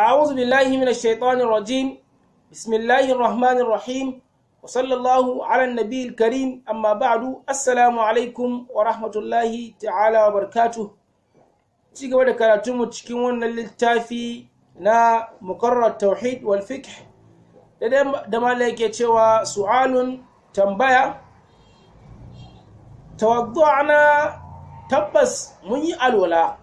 أعوذ بالله من الشيطان الرجيم بسم الله الرحمن الرحيم وصلى الله على النبي الكريم أما بعد السلام عليكم ورحمة الله تعالى وبركاته ci gaba da karatunmu cikin wannan littafi na mukarrar tauhid wal fiqh da mala yake cewa su'alun tambaya tawaddu'na tabbas mun yi alwala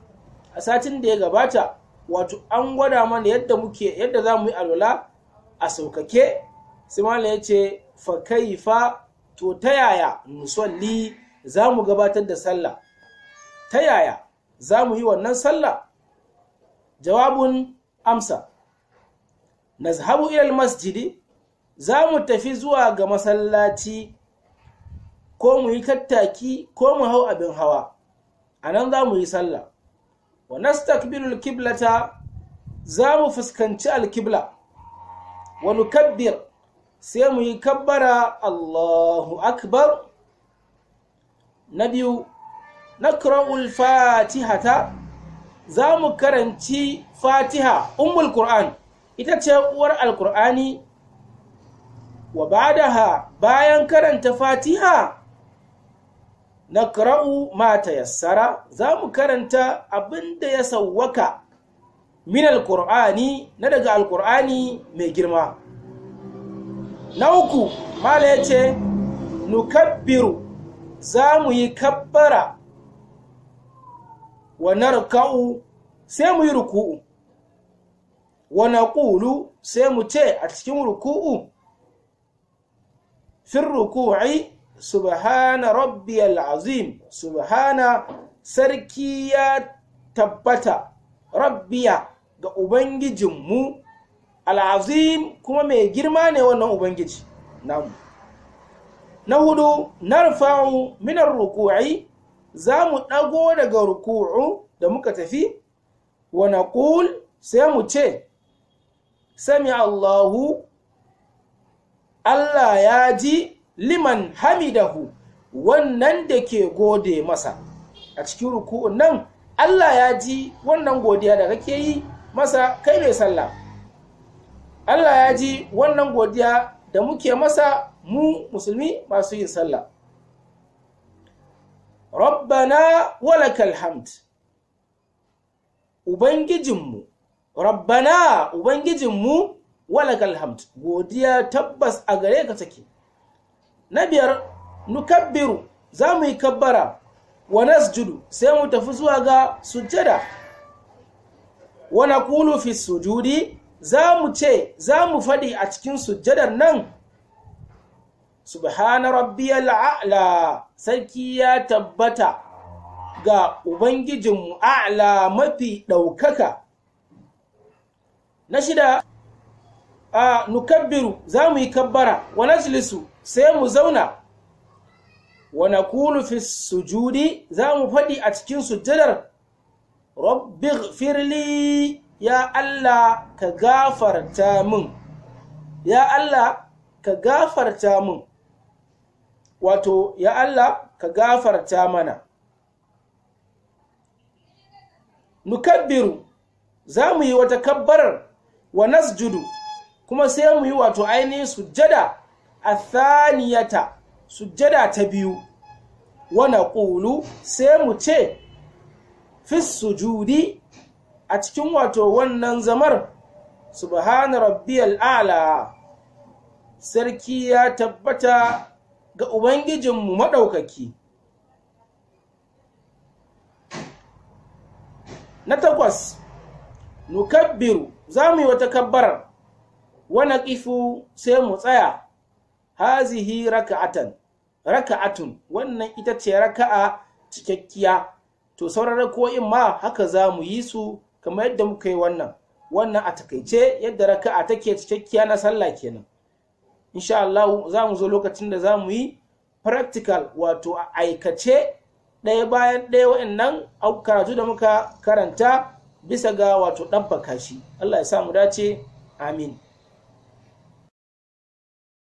a satin da ya gabata wato an gwada mana yadda muke yadda za mu yi alwala a saukake sai malam ya ce fa kaifa to ta yaya musalli za mu gabatar da sallah ta yaya za mu yi wannan sallah jawabun amsa nazhabu ilal masjidi za mu tafi zuwa ga masallaci ko mu yi tattaki ko mu hau abin hawa anan za mu yi sallah wa nastaqbilul kiblata za mu fuskanci alkibla wa nukabbir sai mu yi kabbara Allahu akbar na biyu nakra'ul fatihata za mu karanci fatiha ummul qur'an ita ce uwar alqur'ani wa badaha bayan karanta fatiha na ƙara'u mata yassara za mu karanta abin da ya sauwaka min alƙur'ani na daga alkur'ani mai girma na uku mala ya ce nukabbiru za mu yi kabbara wa narka'u sai mu yi ruku'u wa naƙulu sai mu ce a cikin ruku'u fin ruku'i subhana rabbi azim subhana sarki ya tabbata rabbiya ga ubangijinmu al'azim kuma mai girma ne wannan ubangiji namu na hudu na rufa'u minar ruku'i za mu ɗago daga ruku'u da muka tafi wa ƙul sai mu ce sami Allahu Allah ya ji liman hamidahu wannan da ke gode masa a cikin ruku'un nan Allah ya ji wannan godiya da kake yi masa kai mai sallah Allah ya ji wannan godiya da muke masa mu musulmi masu yin sallah rabbana walakal hamd ubangijinmu rabbana ubangijinmu walakal hamd godiya tabbas a gare ka take na biyar nukabbiru za mu yi kabbara wa nasjudu sai mu tafi zuwa ga sujjada wa naqulu fi sujudi za mu ce za mu faɗi a cikin sujjadar nan subhana rabbiyal a'la sarki ya tabbata ga ubangijinmu a'la mafi ɗaukaka na shida a nukabbiru za mu yi kabbara wa najlisu sai mu zauna wa naqulu fi sujudi za mu fadi a cikin sujudar rabbighfirli ya Allah ka gafarta min ya Allah ka gafarta min wato ya Allah ka gafarta mana nukabbiru za mu yi wata kabbarar wa nasjudu kuma sai mu yi wato ainihin sujjada athaniyata sujjada ta biyu wana ƙulu sai mu ce fi sujudi a cikin wato wannan zamar subhana rabbiyar ala sarki ya tabbata ga ubangijinmu maɗaukaki na takwas nukabbiru za mu yi wata kabbarar wa naqifu sai mu tsaya hazihi raka'atan raka'atun wannan ita ce raka'a cikakkiya to sauran rako'in ma haka za mu yi su kamar yadda muka yi wannan wannan a takaice yadda raka'a take cikakkiya na sallah kenan insha Allah za mu zo lokacin da za mu yi practical wato a aikace ɗaya bayan ɗaya wa'annan karatu da muka karanta bisa ga wato ɗabbaka shi Allah ya sa mu dace amin